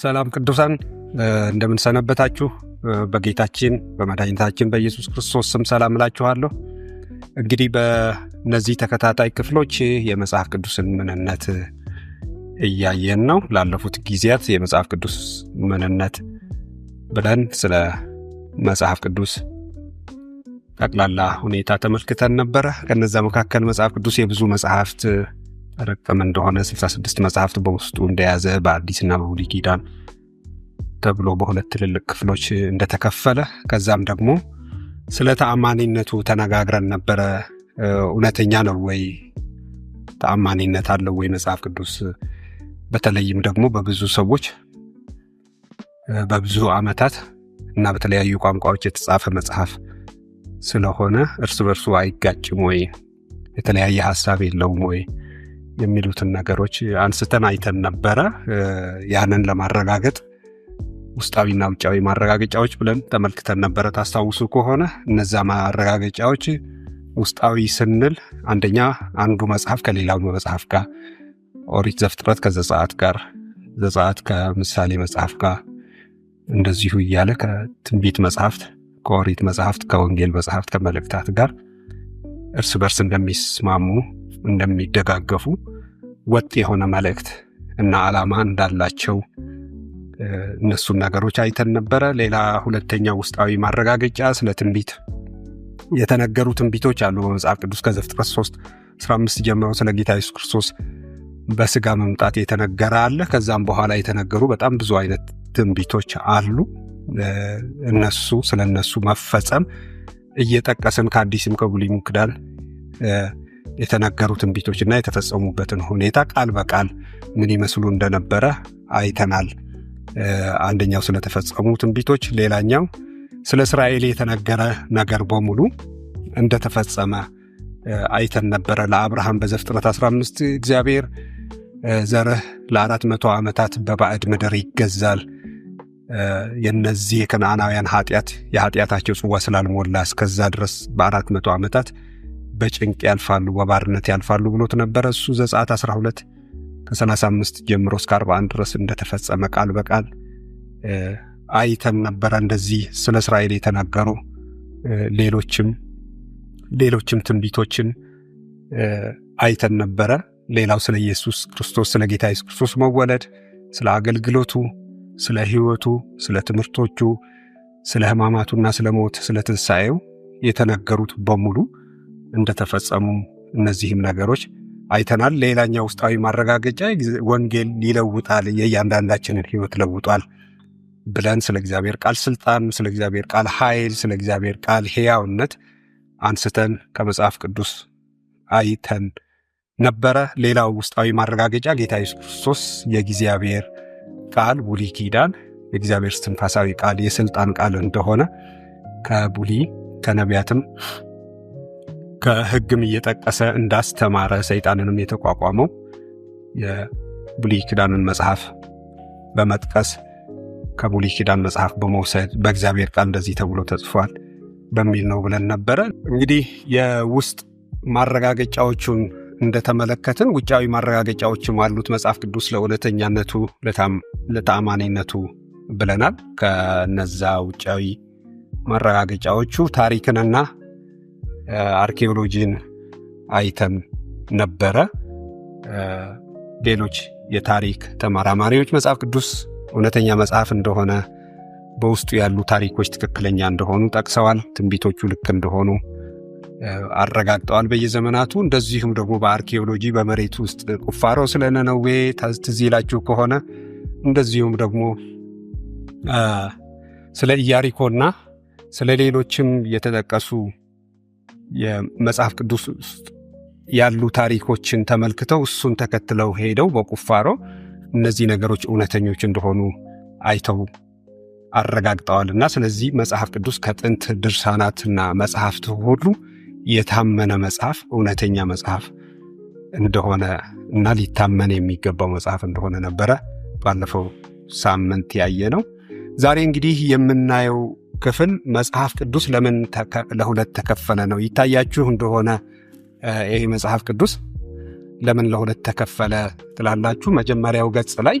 ሰላም ቅዱሳን እንደምንሰነበታችሁ በጌታችን በመድኃኒታችን በኢየሱስ ክርስቶስ ስም ሰላም እላችኋለሁ። እንግዲህ በእነዚህ ተከታታይ ክፍሎች የመጽሐፍ ቅዱስን ምንነት እያየን ነው። ላለፉት ጊዜያት የመጽሐፍ ቅዱስ ምንነት ብለን ስለ መጽሐፍ ቅዱስ ጠቅላላ ሁኔታ ተመልክተን ነበረ። ከነዛ መካከል መጽሐፍ ቅዱስ የብዙ መጽሐፍት ረቀም እንደሆነ 66 መጽሐፍት በውስጡ እንደያዘ በአዲስና በብሉይ ኪዳን ተብሎ በሁለት ትልልቅ ክፍሎች እንደተከፈለ ከዛም ደግሞ ስለ ተአማኒነቱ ተነጋግረን ነበረ። እውነተኛ ነው ወይ? ተአማኒነት አለው ወይ መጽሐፍ ቅዱስ? በተለይም ደግሞ በብዙ ሰዎች በብዙ ዓመታት እና በተለያዩ ቋንቋዎች የተጻፈ መጽሐፍ ስለሆነ እርስ በርሱ አይጋጭም ወይ? የተለያየ ሀሳብ የለውም ወይ? የሚሉትን ነገሮች አንስተን አይተን ነበረ። ያንን ለማረጋገጥ ውስጣዊና ውጫዊ ማረጋገጫዎች ብለን ተመልክተን ነበረ። ታስታውሱ ከሆነ እነዛ ማረጋገጫዎች ውስጣዊ ስንል አንደኛ አንዱ መጽሐፍ ከሌላው መጽሐፍ ጋር ኦሪት ዘፍጥረት ከዘጸአት ጋር፣ ዘጸአት ከምሳሌ መጽሐፍ ጋር እንደዚሁ እያለ ከትንቢት መጽሐፍት፣ ከኦሪት መጽሐፍት፣ ከወንጌል መጽሐፍት፣ ከመልእክታት ጋር እርስ በርስ እንደሚስማሙ እንደሚደጋገፉ ወጥ የሆነ መልእክት እና ዓላማ እንዳላቸው እነሱን ነገሮች አይተን ነበረ። ሌላ ሁለተኛ ውስጣዊ ማረጋገጫ ስለ ትንቢት የተነገሩ ትንቢቶች አሉ። በመጽሐፍ ቅዱስ ከዘፍጥረት 3 15 ጀምሮ ስለ ጌታ ኢየሱስ ክርስቶስ በስጋ መምጣት የተነገረ አለ። ከዛም በኋላ የተነገሩ በጣም ብዙ አይነት ትንቢቶች አሉ። እነሱ ስለ እነሱ መፈጸም እየጠቀስን ከአዲስም ከብሉይም ኪዳን የተነገሩ ትንቢቶችና የተፈጸሙበትን ሁኔታ ቃል በቃል ምን ይመስሉ እንደነበረ አይተናል። አንደኛው ስለተፈጸሙ ትንቢቶች፣ ሌላኛው ስለ እስራኤል የተነገረ ነገር በሙሉ እንደተፈጸመ አይተን ነበረ። ለአብርሃም በዘፍጥረት 15 እግዚአብሔር ዘርህ ለአራት መቶ ዓመታት በባዕድ ምድር ይገዛል የነዚህ የከነአናውያን ኃጢአት የኃጢአታቸው ጽዋ ስላልሞላ እስከዛ ድረስ በአራት መቶ ዓመታት በጭንቅ ያልፋሉ፣ በባርነት ያልፋሉ ብሎት ነበረ። እሱ ዘጸአት 12 ከ35 ጀምሮ እስከ 41 ድረስ እንደተፈጸመ ቃል በቃል አይተን ነበረ። እንደዚህ ስለ እስራኤል የተናገሩ ሌሎችም ሌሎችም ትንቢቶችን አይተን ነበረ። ሌላው ስለ ኢየሱስ ክርስቶስ ስለ ጌታ ኢየሱስ ክርስቶስ መወለድ፣ ስለ አገልግሎቱ፣ ስለ ሕይወቱ፣ ስለ ትምህርቶቹ፣ ስለ ሕማማቱና ስለ ሞት፣ ስለ ትንሣኤው የተነገሩት በሙሉ እንደተፈጸሙ እነዚህም ነገሮች አይተናል። ሌላኛው ውስጣዊ ማረጋገጫ ወንጌል ይለውጣል፣ የእያንዳንዳችንን ህይወት ለውጧል ብለን ስለ እግዚአብሔር ቃል ስልጣን፣ ስለ እግዚአብሔር ቃል ኃይል፣ ስለ እግዚአብሔር ቃል ሕያውነት አንስተን ከመጽሐፍ ቅዱስ አይተን ነበረ። ሌላው ውስጣዊ ማረጋገጫ ጌታ ኢየሱስ ክርስቶስ የእግዚአብሔር ቃል ቡሊ ኪዳን የእግዚአብሔር ስትንፋሳዊ ቃል የስልጣን ቃል እንደሆነ ከቡሊ ከነቢያትም ከህግም እየጠቀሰ እንዳስተማረ ሰይጣንንም የተቋቋመው የብሉይ ኪዳንን መጽሐፍ በመጥቀስ ከብሉይ ኪዳን መጽሐፍ በመውሰድ በእግዚአብሔር ቃል እንደዚህ ተብሎ ተጽፏል በሚል ነው ብለን ነበረ። እንግዲህ የውስጥ ማረጋገጫዎቹን እንደተመለከትን ውጫዊ ማረጋገጫዎችም አሉት መጽሐፍ ቅዱስ ለእውነተኛነቱ ለተአማኒነቱ ብለናል። ከነዛ ውጫዊ ማረጋገጫዎቹ ታሪክንና አርኪኦሎጂን አይተን ነበረ። ሌሎች የታሪክ ተመራማሪዎች መጽሐፍ ቅዱስ እውነተኛ መጽሐፍ እንደሆነ በውስጡ ያሉ ታሪኮች ትክክለኛ እንደሆኑ ጠቅሰዋል። ትንቢቶቹ ልክ እንደሆኑ አረጋግጠዋል በየዘመናቱ። እንደዚሁም ደግሞ በአርኪኦሎጂ በመሬት ውስጥ ቁፋሮ ስለ ነነዌ ትዝ ይላችሁ ከሆነ እንደዚሁም ደግሞ ስለ ኢያሪኮና ስለ ሌሎችም የተጠቀሱ የመጽሐፍ ቅዱስ ውስጥ ያሉ ታሪኮችን ተመልክተው እሱን ተከትለው ሄደው በቁፋሮ እነዚህ ነገሮች እውነተኞች እንደሆኑ አይተው አረጋግጠዋል እና ስለዚህ መጽሐፍ ቅዱስ ከጥንት ድርሳናትና መጽሐፍት ሁሉ የታመነ መጽሐፍ፣ እውነተኛ መጽሐፍ እንደሆነ እና ሊታመን የሚገባው መጽሐፍ እንደሆነ ነበረ ባለፈው ሳምንት ያየ ነው። ዛሬ እንግዲህ የምናየው ክፍል መጽሐፍ ቅዱስ ለምን ለሁለት ተከፈለ ነው። ይታያችሁ እንደሆነ ይህ መጽሐፍ ቅዱስ ለምን ለሁለት ተከፈለ ትላላችሁ? መጀመሪያው ገጽ ላይ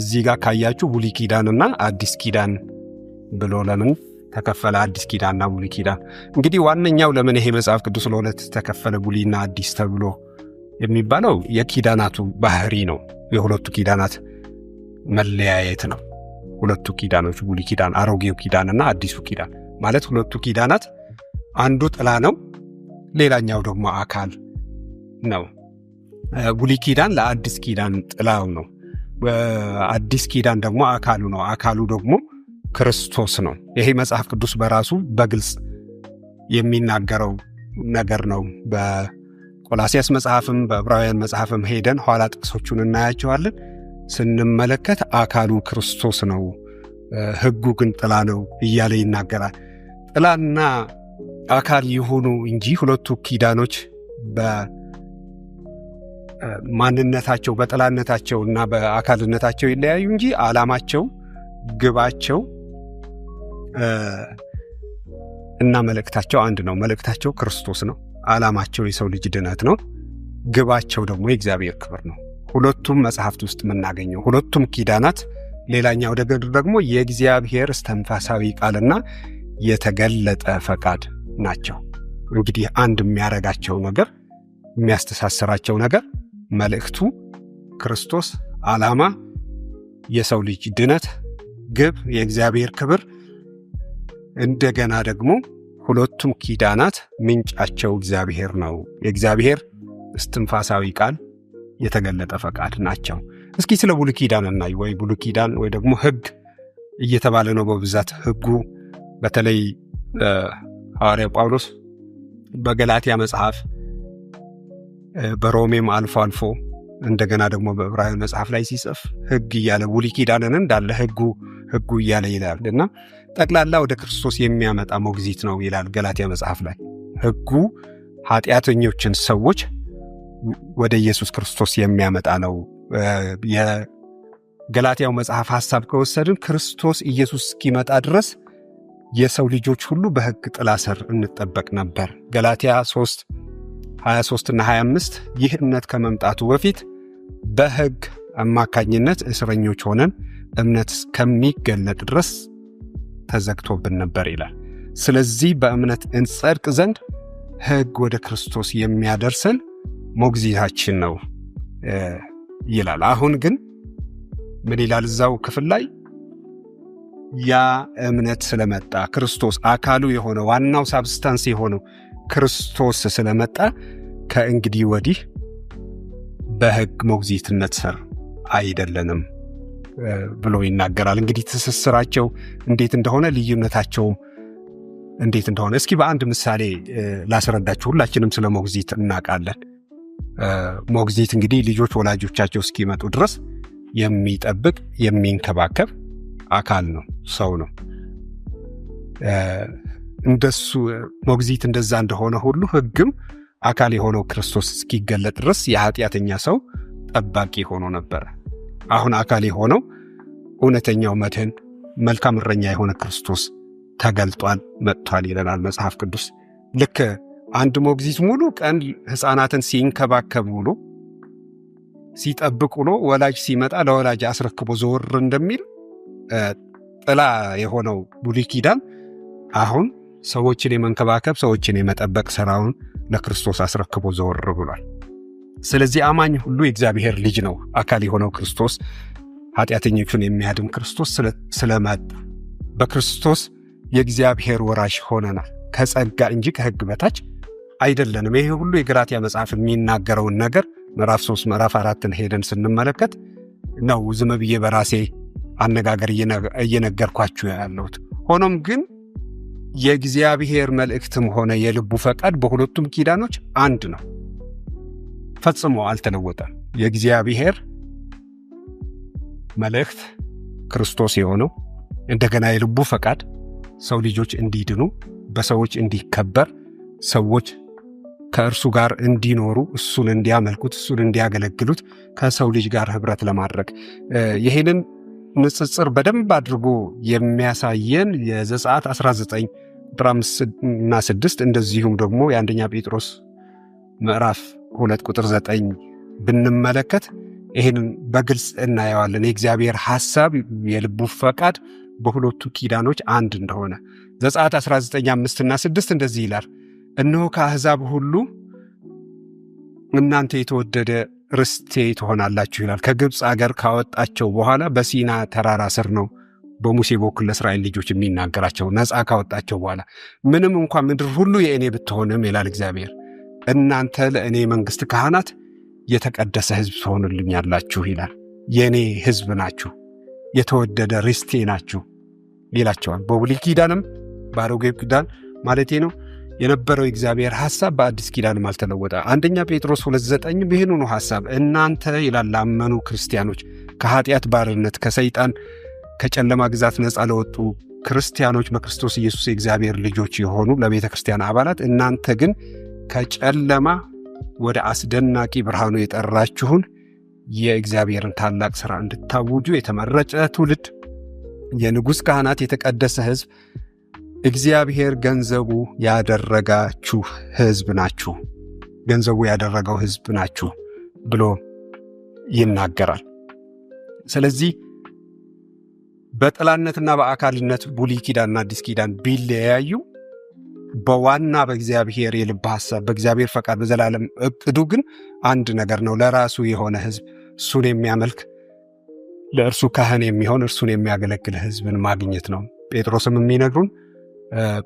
እዚህ ጋር ካያችሁ ብሉይ ኪዳንና አዲስ ኪዳን ብሎ ለምን ተከፈለ? አዲስ ኪዳንና ብሉይ ኪዳን። እንግዲህ ዋነኛው ለምን ይሄ መጽሐፍ ቅዱስ ለሁለት ተከፈለ ብሉይና አዲስ ተብሎ የሚባለው የኪዳናቱ ባህሪ ነው። የሁለቱ ኪዳናት መለያየት ነው። ሁለቱ ኪዳኖች ብሉይ ኪዳን፣ አሮጌው ኪዳንና አዲሱ ኪዳን ማለት ሁለቱ ኪዳናት አንዱ ጥላ ነው፣ ሌላኛው ደግሞ አካል ነው። ቡሊ ኪዳን ለአዲስ ኪዳን ጥላው ነው። አዲስ ኪዳን ደግሞ አካሉ ነው። አካሉ ደግሞ ክርስቶስ ነው። ይሄ መጽሐፍ ቅዱስ በራሱ በግልጽ የሚናገረው ነገር ነው። በቆላሲያስ መጽሐፍም በዕብራውያን መጽሐፍም ሄደን ኋላ ጥቅሶቹን እናያቸዋለን። ስንመለከት አካሉ ክርስቶስ ነው፣ ህጉ ግን ጥላ ነው እያለ ይናገራል። ጥላና አካል የሆኑ እንጂ ሁለቱ ኪዳኖች በማንነታቸው በጥላነታቸው እና በአካልነታቸው ይለያዩ እንጂ አላማቸው ግባቸው እና መልእክታቸው አንድ ነው። መልእክታቸው ክርስቶስ ነው። አላማቸው የሰው ልጅ ድነት ነው። ግባቸው ደግሞ የእግዚአብሔር ክብር ነው። ሁለቱም መጽሐፍት ውስጥ የምናገኘው ሁለቱም ኪዳናት። ሌላኛው ነገር ደግሞ የእግዚአብሔር እስትንፋሳዊ ቃልና የተገለጠ ፈቃድ ናቸው። እንግዲህ አንድ የሚያረጋቸው ነገር የሚያስተሳስራቸው ነገር መልእክቱ፣ ክርስቶስ፣ ዓላማ፣ የሰው ልጅ ድነት፣ ግብ፣ የእግዚአብሔር ክብር እንደገና ደግሞ ሁለቱም ኪዳናት ምንጫቸው እግዚአብሔር ነው። የእግዚአብሔር እስትንፋሳዊ ቃል የተገለጠ ፈቃድ ናቸው። እስኪ ስለ ብሉይ ኪዳን እናይ። ወይ ብሉይ ኪዳን ወይ ደግሞ ሕግ እየተባለ ነው በብዛት ሕጉ በተለይ ሐዋርያው ጳውሎስ በገላትያ መጽሐፍ በሮሜም አልፎ አልፎ እንደገና ደግሞ በዕብራውያን መጽሐፍ ላይ ሲጽፍ ሕግ እያለ ብሉይ ኪዳንን እንዳለ ሕጉ ሕጉ እያለ ይላል እና ጠቅላላ ወደ ክርስቶስ የሚያመጣ ሞግዚት ነው ይላል ገላትያ መጽሐፍ ላይ ሕጉ ኃጢአተኞችን ሰዎች ወደ ኢየሱስ ክርስቶስ የሚያመጣ ነው። የገላትያው መጽሐፍ ሐሳብ ከወሰድን ክርስቶስ ኢየሱስ እስኪመጣ ድረስ የሰው ልጆች ሁሉ በሕግ ጥላ ስር እንጠበቅ ነበር። ገላትያ 3 23ና 25 ይህ እምነት ከመምጣቱ በፊት በሕግ አማካኝነት እስረኞች ሆነን እምነት እስከሚገለጥ ድረስ ተዘግቶብን ነበር ይላል። ስለዚህ በእምነት እንጸድቅ ዘንድ ሕግ ወደ ክርስቶስ የሚያደርሰን ሞግዚታችን ነው ይላል። አሁን ግን ምን ይላል እዛው ክፍል ላይ ያ እምነት ስለመጣ ክርስቶስ አካሉ የሆነ ዋናው ሳብስታንስ የሆነው ክርስቶስ ስለመጣ ከእንግዲህ ወዲህ በሕግ ሞግዚትነት ስር አይደለንም ብሎ ይናገራል። እንግዲህ ትስስራቸው እንዴት እንደሆነ ልዩነታቸውም እንዴት እንደሆነ እስኪ በአንድ ምሳሌ ላስረዳችሁ። ሁላችንም ስለ ሞግዚት እናውቃለን። ሞግዚት እንግዲህ ልጆች ወላጆቻቸው እስኪመጡ ድረስ የሚጠብቅ የሚንከባከብ አካል ነው፣ ሰው ነው። እንደሱ ሞግዚት እንደዛ እንደሆነ ሁሉ ህግም አካል የሆነው ክርስቶስ እስኪገለጥ ድረስ የኃጢአተኛ ሰው ጠባቂ ሆኖ ነበረ። አሁን አካል የሆነው እውነተኛው መድህን መልካም እረኛ የሆነ ክርስቶስ ተገልጧል፣ መጥቷል ይለናል መጽሐፍ ቅዱስ ልክ አንድ ሞግዚት ሙሉ ቀን ህፃናትን ሲንከባከብ ውሎ ሲጠብቅ ውሎ ወላጅ ሲመጣ ለወላጅ አስረክቦ ዘወር እንደሚል ጥላ የሆነው ብሉይ ኪዳን አሁን ሰዎችን የመንከባከብ ሰዎችን የመጠበቅ ስራውን ለክርስቶስ አስረክቦ ዘወር ብሏል። ስለዚህ አማኝ ሁሉ የእግዚአብሔር ልጅ ነው። አካል የሆነው ክርስቶስ ኃጢአተኞቹን የሚያድም ክርስቶስ ስለመጣ በክርስቶስ የእግዚአብሔር ወራሽ ሆነናል። ከጸጋ እንጂ ከህግ በታች አይደለንም። ይሄ ሁሉ የገላትያ መጽሐፍ የሚናገረውን ነገር ምዕራፍ ሶስት ምዕራፍ አራትን ሄደን ስንመለከት ነው ዝም ብዬ በራሴ አነጋገር እየነገርኳችሁ ያለሁት። ሆኖም ግን የእግዚአብሔር መልእክትም ሆነ የልቡ ፈቃድ በሁለቱም ኪዳኖች አንድ ነው፣ ፈጽሞ አልተለወጠም። የእግዚአብሔር መልእክት ክርስቶስ የሆነው እንደገና የልቡ ፈቃድ ሰው ልጆች እንዲድኑ፣ በሰዎች እንዲከበር፣ ሰዎች ከእርሱ ጋር እንዲኖሩ እሱን እንዲያመልኩት እሱን እንዲያገለግሉት ከሰው ልጅ ጋር ህብረት ለማድረግ ይህንን ንጽጽር በደንብ አድርጎ የሚያሳየን የዘጸአት 19 ቁጥር 5 እና 6 እንደዚሁም ደግሞ የአንደኛ ጴጥሮስ ምዕራፍ 2 ቁጥር 9 ብንመለከት ይህንን በግልጽ እናየዋለን። የእግዚአብሔር ሐሳብ የልቡ ፈቃድ በሁለቱ ኪዳኖች አንድ እንደሆነ ዘጸአት 19 5 እና 6 እንደዚህ ይላል እነሆ ከአሕዛብ ሁሉ እናንተ የተወደደ ርስቴ ትሆናላችሁ ይላል። ከግብፅ አገር ካወጣቸው በኋላ በሲና ተራራ ስር ነው በሙሴ በኩል ለእስራኤል ልጆች የሚናገራቸው ነፃ ካወጣቸው በኋላ ምንም እንኳ ምድር ሁሉ የእኔ ብትሆንም ይላል እግዚአብሔር፣ እናንተ ለእኔ መንግሥት ካህናት፣ የተቀደሰ ሕዝብ ትሆኑልኛላችሁ ይላል። የእኔ ሕዝብ ናችሁ፣ የተወደደ ርስቴ ናችሁ ይላቸዋል። በብሉይ ኪዳንም በአሮጌ ኪዳን ማለቴ ነው የነበረው የእግዚአብሔር ሐሳብ በአዲስ ኪዳንም አልተለወጠ። አንደኛ ጴጥሮስ 29 ዘጠኝም ሐሳብ እናንተ ይላል ላመኑ ክርስቲያኖች ከኃጢአት ባርነት ከሰይጣን ከጨለማ ግዛት ነፃ ለወጡ ክርስቲያኖች በክርስቶስ ኢየሱስ የእግዚአብሔር ልጆች የሆኑ ለቤተ ክርስቲያን አባላት እናንተ ግን ከጨለማ ወደ አስደናቂ ብርሃኑ የጠራችሁን የእግዚአብሔርን ታላቅ ሥራ እንድታውጁ የተመረጨ ትውልድ፣ የንጉሥ ካህናት፣ የተቀደሰ ሕዝብ እግዚአብሔር ገንዘቡ ያደረጋችሁ ሕዝብ ናችሁ፣ ገንዘቡ ያደረገው ሕዝብ ናችሁ ብሎ ይናገራል። ስለዚህ በጥላነትና በአካልነት ብሉይ ኪዳንና አዲስ ኪዳን ቢለያዩ በዋና በእግዚአብሔር የልብ ሐሳብ በእግዚአብሔር ፈቃድ በዘላለም እቅዱ ግን አንድ ነገር ነው። ለራሱ የሆነ ህዝብ እሱን የሚያመልክ ለእርሱ ካህን የሚሆን እርሱን የሚያገለግል ህዝብን ማግኘት ነው። ጴጥሮስም የሚነግሩን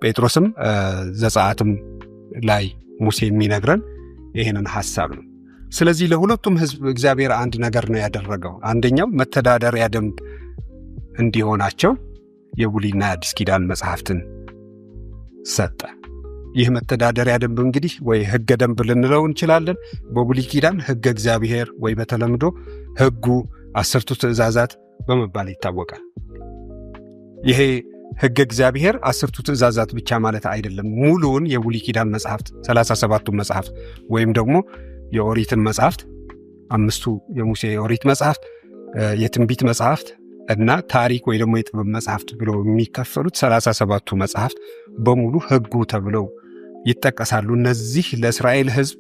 ጴጥሮስም ዘጸአትም ላይ ሙሴ የሚነግረን ይህንን ሐሳብ ነው። ስለዚህ ለሁለቱም ህዝብ እግዚአብሔር አንድ ነገር ነው ያደረገው። አንደኛው መተዳደሪያ ደንብ እንዲሆናቸው የቡሊና የአዲስ ኪዳን መጽሐፍትን ሰጠ። ይህ መተዳደሪያ ደንብ እንግዲህ ወይ ህገ ደንብ ልንለው እንችላለን። በቡሊ ኪዳን ህገ እግዚአብሔር ወይ በተለምዶ ህጉ አስርቱ ትእዛዛት በመባል ይታወቃል። ይሄ ህገ እግዚአብሔር አስርቱ ትእዛዛት ብቻ ማለት አይደለም። ሙሉውን የቡሊ ኪዳን መጽሐፍት ሰላሳ ሰባቱ መጽሐፍት ወይም ደግሞ የኦሪትን መጽሐፍት አምስቱ የሙሴ የኦሪት መጽሐፍት፣ የትንቢት መጽሐፍት እና ታሪክ ወይ ደግሞ የጥበብ መጽሐፍት ብሎ የሚከፈሉት ሰላሳ ሰባቱ መጽሐፍት በሙሉ ህጉ ተብለው ይጠቀሳሉ። እነዚህ ለእስራኤል ህዝብ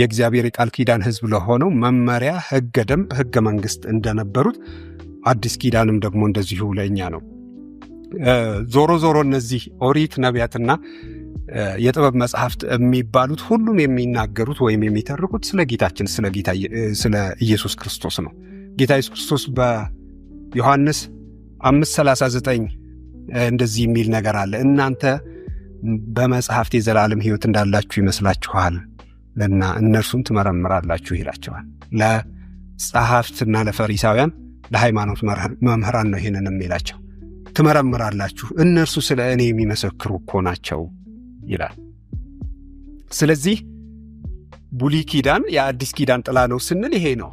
የእግዚአብሔር የቃል ኪዳን ህዝብ ለሆነው መመሪያ፣ ህገ ደንብ፣ ህገ መንግስት እንደነበሩት አዲስ ኪዳንም ደግሞ እንደዚሁ ለእኛ ነው። ዞሮ ዞሮ እነዚህ ኦሪት ነቢያትና የጥበብ መጽሐፍት የሚባሉት ሁሉም የሚናገሩት ወይም የሚተርኩት ስለ ጌታችን ስለ ኢየሱስ ክርስቶስ ነው። ጌታ ኢየሱስ ክርስቶስ በዮሐንስ 539 እንደዚህ የሚል ነገር አለ። እናንተ በመጽሐፍት የዘላለም ሕይወት እንዳላችሁ ይመስላችኋል እና እነርሱም ትመረምራላችሁ ይላቸዋል። ለጸሐፍትና ለፈሪሳውያን ለሃይማኖት መምህራን ነው ይህንን የሚላቸው። ትመረምራላችሁ፣ እነርሱ ስለ እኔ የሚመሰክሩ እኮ ናቸው ይላል። ስለዚህ ቡሊ ኪዳን የአዲስ ኪዳን ጥላ ነው ስንል ይሄ ነው።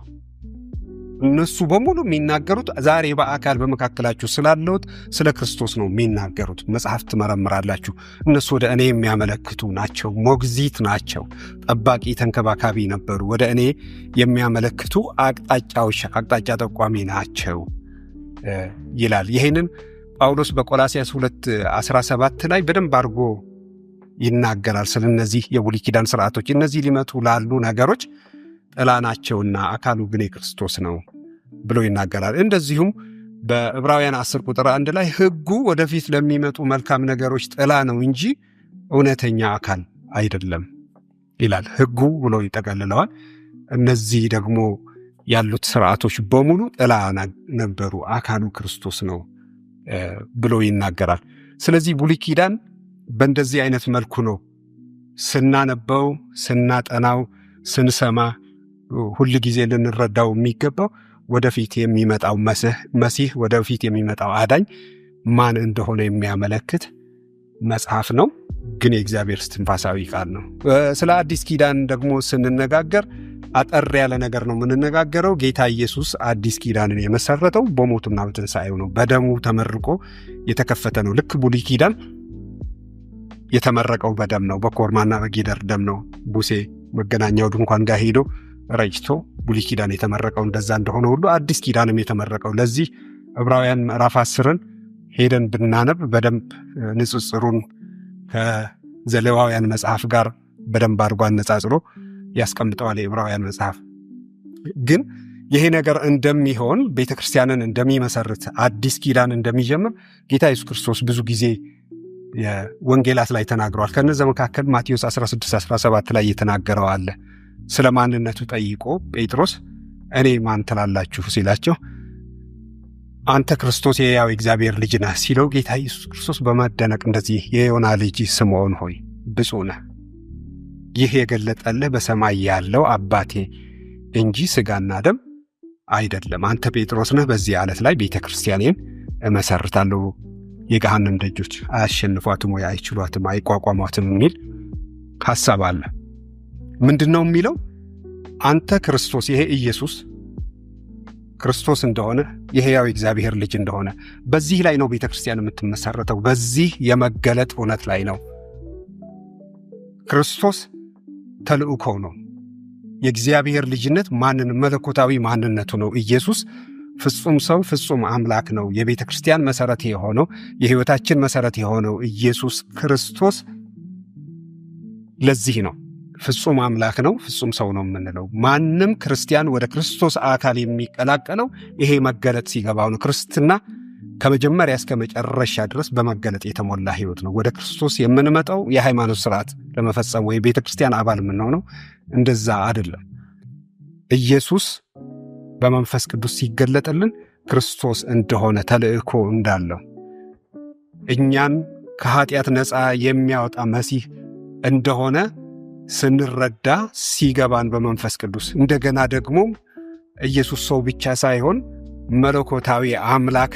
እነሱ በሙሉ የሚናገሩት ዛሬ በአካል በመካከላችሁ ስላለሁት ስለ ክርስቶስ ነው የሚናገሩት። መጽሐፍ ትመረምራላችሁ፣ እነሱ ወደ እኔ የሚያመለክቱ ናቸው። ሞግዚት ናቸው፣ ጠባቂ ተንከባካቢ ነበሩ። ወደ እኔ የሚያመለክቱ አቅጣጫዎች፣ አቅጣጫ ጠቋሚ ናቸው ይላል። ይህንን ጳውሎስ በቆላሲያስ 2 17 ላይ በደንብ አድርጎ ይናገራል። ስለ እነዚህ የብሉይ ኪዳን ስርዓቶች እነዚህ ሊመቱ ላሉ ነገሮች ጥላ ናቸውና አካሉ ግን የክርስቶስ ነው ብሎ ይናገራል። እንደዚሁም በዕብራውያን 10 ቁጥር አንድ ላይ ሕጉ ወደፊት ለሚመጡ መልካም ነገሮች ጥላ ነው እንጂ እውነተኛ አካል አይደለም ይላል። ሕጉ ብሎ ይጠቀልለዋል። እነዚህ ደግሞ ያሉት ስርዓቶች በሙሉ ጥላ ነበሩ፣ አካሉ ክርስቶስ ነው ብሎ ይናገራል። ስለዚህ ብሉይ ኪዳን በእንደዚህ አይነት መልኩ ነው ስናነበው፣ ስናጠናው፣ ስንሰማ ሁል ጊዜ ልንረዳው የሚገባው ወደፊት የሚመጣው መሲህ ወደፊት የሚመጣው አዳኝ ማን እንደሆነ የሚያመለክት መጽሐፍ ነው። ግን የእግዚአብሔር እስትንፋሳዊ ቃል ነው። ስለ አዲስ ኪዳን ደግሞ ስንነጋገር አጠር ያለ ነገር ነው የምንነጋገረው። ጌታ ኢየሱስ አዲስ ኪዳንን የመሰረተው በሞቱና በትንሣኤው ነው። በደሙ ተመርቆ የተከፈተ ነው። ልክ ብሉይ ኪዳን የተመረቀው በደም ነው፣ በኮርማና በጌደር ደም ነው። ሙሴ መገናኛው ድንኳን ጋር ሄዶ ረጭቶ ብሉይ ኪዳን የተመረቀው እንደዛ እንደሆነ ሁሉ አዲስ ኪዳንም የተመረቀው ለዚህ ዕብራውያን ምዕራፍ አስርን ሄደን ብናነብ በደንብ ንጽጽሩን ከዘሌዋውያን መጽሐፍ ጋር በደንብ አድርጎ አነጻጽሮ ያስቀምጠዋል የዕብራውያን መጽሐፍ። ግን ይሄ ነገር እንደሚሆን ቤተ ክርስቲያንን እንደሚመሰርት አዲስ ኪዳን እንደሚጀምር ጌታ ኢየሱስ ክርስቶስ ብዙ ጊዜ ወንጌላት ላይ ተናግረዋል። ከነዚ መካከል ማቴዎስ 16 17 ላይ የተናገረው አለ። ስለ ማንነቱ ጠይቆ ጴጥሮስ እኔ ማን ትላላችሁ ሲላቸው አንተ ክርስቶስ የሕያው እግዚአብሔር ልጅ ነህ ሲለው ጌታ ኢየሱስ ክርስቶስ በመደነቅ እንደዚህ የዮና ልጅ ስምዖን ሆይ ብፁ ነህ ይህ የገለጠልህ በሰማይ ያለው አባቴ እንጂ ስጋና ደም አይደለም። አንተ ጴጥሮስ ነህ፣ በዚህ ዓለት ላይ ቤተ ክርስቲያኔን እመሰርታለሁ፣ የገሃንም ደጆች አያሸንፏትም ወይ አይችሏትም፣ አይቋቋሟትም የሚል ሐሳብ አለ። ምንድን ነው የሚለው? አንተ ክርስቶስ፣ ይሄ ኢየሱስ ክርስቶስ እንደሆነ የሕያው እግዚአብሔር ልጅ እንደሆነ በዚህ ላይ ነው ቤተ ክርስቲያን የምትመሰረተው፣ በዚህ የመገለጥ እውነት ላይ ነው ክርስቶስ ተልእኮ ነው። የእግዚአብሔር ልጅነት ማንን መለኮታዊ ማንነቱ ነው። ኢየሱስ ፍጹም ሰው ፍጹም አምላክ ነው። የቤተ ክርስቲያን መሠረት የሆነው የሕይወታችን መሠረት የሆነው ኢየሱስ ክርስቶስ ለዚህ ነው ፍጹም አምላክ ነው፣ ፍጹም ሰው ነው የምንለው። ማንም ክርስቲያን ወደ ክርስቶስ አካል የሚቀላቀለው ይሄ መገለጥ ሲገባው ነው ክርስትና ከመጀመሪያ እስከ መጨረሻ ድረስ በመገለጥ የተሞላ ህይወት ነው። ወደ ክርስቶስ የምንመጣው የሃይማኖት ስርዓት ለመፈጸም ወይ ቤተ ክርስቲያን አባል የምንሆነው እንደዛ አይደለም። ኢየሱስ በመንፈስ ቅዱስ ሲገለጥልን ክርስቶስ እንደሆነ ተልእኮ እንዳለው እኛን ከኃጢአት ነፃ የሚያወጣ መሲህ እንደሆነ ስንረዳ ሲገባን በመንፈስ ቅዱስ እንደገና ደግሞ ኢየሱስ ሰው ብቻ ሳይሆን መለኮታዊ አምላክ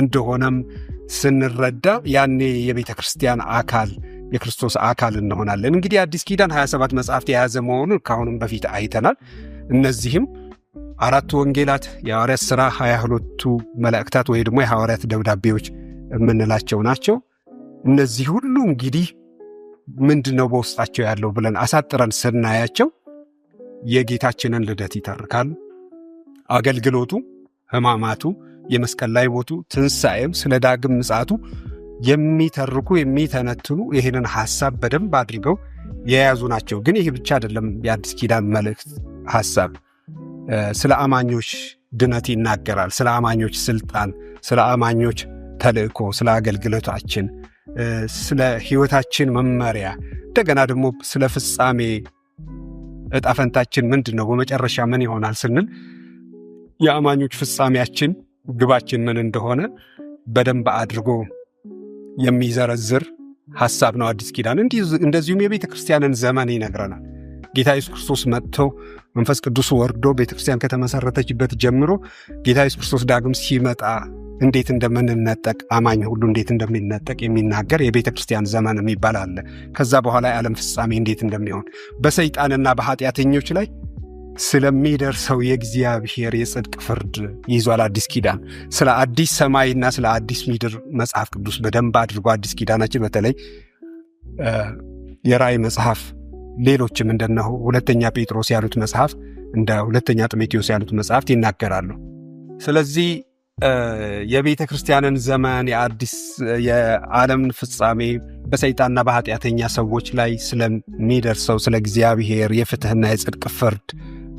እንደሆነም ስንረዳ ያኔ የቤተ ክርስቲያን አካል የክርስቶስ አካል እንሆናለን። እንግዲህ አዲስ ኪዳን 27 መጽሐፍት የያዘ መሆኑን ከአሁንም በፊት አይተናል። እነዚህም አራቱ ወንጌላት፣ የሐዋርያት ሥራ፣ ሃያ ሁለቱ መላእክታት ወይ ደግሞ የሐዋርያት ደብዳቤዎች የምንላቸው ናቸው። እነዚህ ሁሉ እንግዲህ ምንድን ነው በውስጣቸው ያለው ብለን አሳጥረን ስናያቸው የጌታችንን ልደት ይተርካሉ። አገልግሎቱ፣ ሕማማቱ የመስቀል ላይ ሞቱ፣ ትንሣኤም፣ ስለ ዳግም ምጽአቱ የሚተርኩ የሚተነትኑ ይህንን ሀሳብ በደንብ አድርገው የያዙ ናቸው። ግን ይህ ብቻ አይደለም። የአዲስ ኪዳን መልእክት ሀሳብ ስለ አማኞች ድነት ይናገራል። ስለ አማኞች ስልጣን፣ ስለ አማኞች ተልእኮ፣ ስለ አገልግሎታችን፣ ስለ ሕይወታችን መመሪያ እንደገና ደግሞ ስለ ፍጻሜ እጣፈንታችን ምንድን ነው፣ በመጨረሻ ምን ይሆናል ስንል የአማኞች ፍጻሜያችን ግባችን ምን እንደሆነ በደንብ አድርጎ የሚዘረዝር ሀሳብ ነው አዲስ ኪዳን። እንደዚሁም የቤተ ክርስቲያንን ዘመን ይነግረናል። ጌታ ኢየሱስ ክርስቶስ መጥቶ መንፈስ ቅዱስ ወርዶ ቤተክርስቲያን ከተመሰረተችበት ጀምሮ ጌታ ኢየሱስ ክርስቶስ ዳግም ሲመጣ እንዴት እንደምንነጠቅ አማኝ ሁሉ እንዴት እንደሚነጠቅ የሚናገር የቤተ ክርስቲያን ዘመን የሚባል አለ። ከዛ በኋላ የዓለም ፍጻሜ እንዴት እንደሚሆን በሰይጣንና በኃጢአተኞች ላይ ስለሚደርሰው የእግዚአብሔር የጽድቅ ፍርድ ይዟል። አዲስ ኪዳን ስለ አዲስ ሰማይና ስለ አዲስ ምድር መጽሐፍ ቅዱስ በደንብ አድርጎ አዲስ ኪዳናችን በተለይ የራእይ መጽሐፍ፣ ሌሎችም እንደነ ሁለተኛ ጴጥሮስ ያሉት መጽሐፍ እንደ ሁለተኛ ጢሞቴዎስ ያሉት መጽሐፍት ይናገራሉ። ስለዚህ የቤተ ክርስቲያንን ዘመን የአዲስ የዓለምን ፍጻሜ በሰይጣንና በኃጢአተኛ ሰዎች ላይ ስለሚደርሰው ስለ እግዚአብሔር የፍትህና የጽድቅ ፍርድ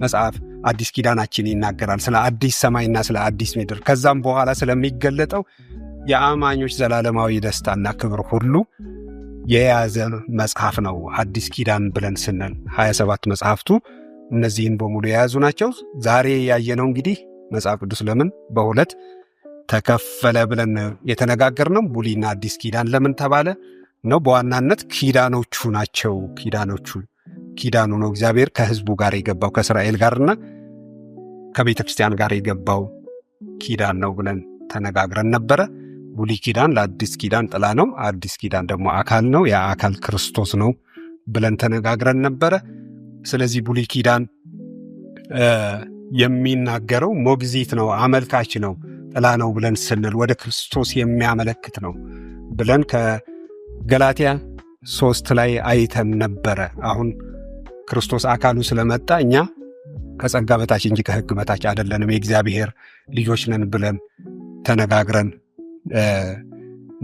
መጽሐፍ አዲስ ኪዳናችን ይናገራል ስለ አዲስ ሰማይና ስለ አዲስ ምድር ከዛም በኋላ ስለሚገለጠው የአማኞች ዘላለማዊ ደስታና ክብር ሁሉ የያዘ መጽሐፍ ነው። አዲስ ኪዳን ብለን ስንል 27 መጽሐፍቱ እነዚህን በሙሉ የያዙ ናቸው። ዛሬ ያየነው እንግዲህ መጽሐፍ ቅዱስ ለምን በሁለት ተከፈለ ብለን ነው ቡሊና አዲስ ኪዳን ለምን ተባለ ነው። በዋናነት ኪዳኖቹ ናቸው ኪዳኖቹ ኪዳኑ ነው እግዚአብሔር ከህዝቡ ጋር የገባው ከእስራኤል ጋርና ከቤተ ክርስቲያን ጋር የገባው ኪዳን ነው ብለን ተነጋግረን ነበረ። ብሉይ ኪዳን ለአዲስ ኪዳን ጥላ ነው፣ አዲስ ኪዳን ደግሞ አካል ነው፣ ያ አካል ክርስቶስ ነው ብለን ተነጋግረን ነበረ። ስለዚህ ብሉይ ኪዳን የሚናገረው ሞግዚት ነው፣ አመልካች ነው፣ ጥላ ነው ብለን ስንል ወደ ክርስቶስ የሚያመለክት ነው ብለን ከገላትያ ሶስት ላይ አይተን ነበረ አሁን ክርስቶስ አካሉ ስለመጣ እኛ ከጸጋ በታች እንጂ ከሕግ በታች አይደለንም የእግዚአብሔር ልጆች ነን ብለን ተነጋግረን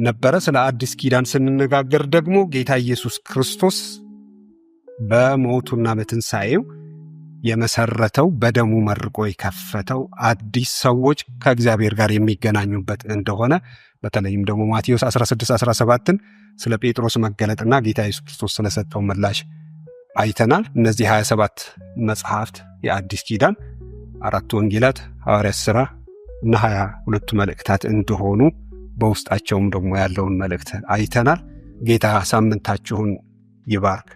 ነበረ። ስለ አዲስ ኪዳን ስንነጋገር ደግሞ ጌታ ኢየሱስ ክርስቶስ በሞቱና በትንሣኤው የመሰረተው በደሙ መርቆ የከፈተው አዲስ ሰዎች ከእግዚአብሔር ጋር የሚገናኙበት እንደሆነ በተለይም ደግሞ ማቴዎስ 16 17ን ስለ ጴጥሮስ መገለጥና ጌታ ኢየሱስ ክርስቶስ ስለሰጠው ምላሽ አይተናል። እነዚህ 27 መጽሐፍት የአዲስ ኪዳን አራቱ ወንጌላት፣ ሐዋርያት ሥራ እና ሀያ ሁለቱ መልእክታት እንደሆኑ በውስጣቸውም ደግሞ ያለውን መልእክት አይተናል። ጌታ ሳምንታችሁን ይባርክ።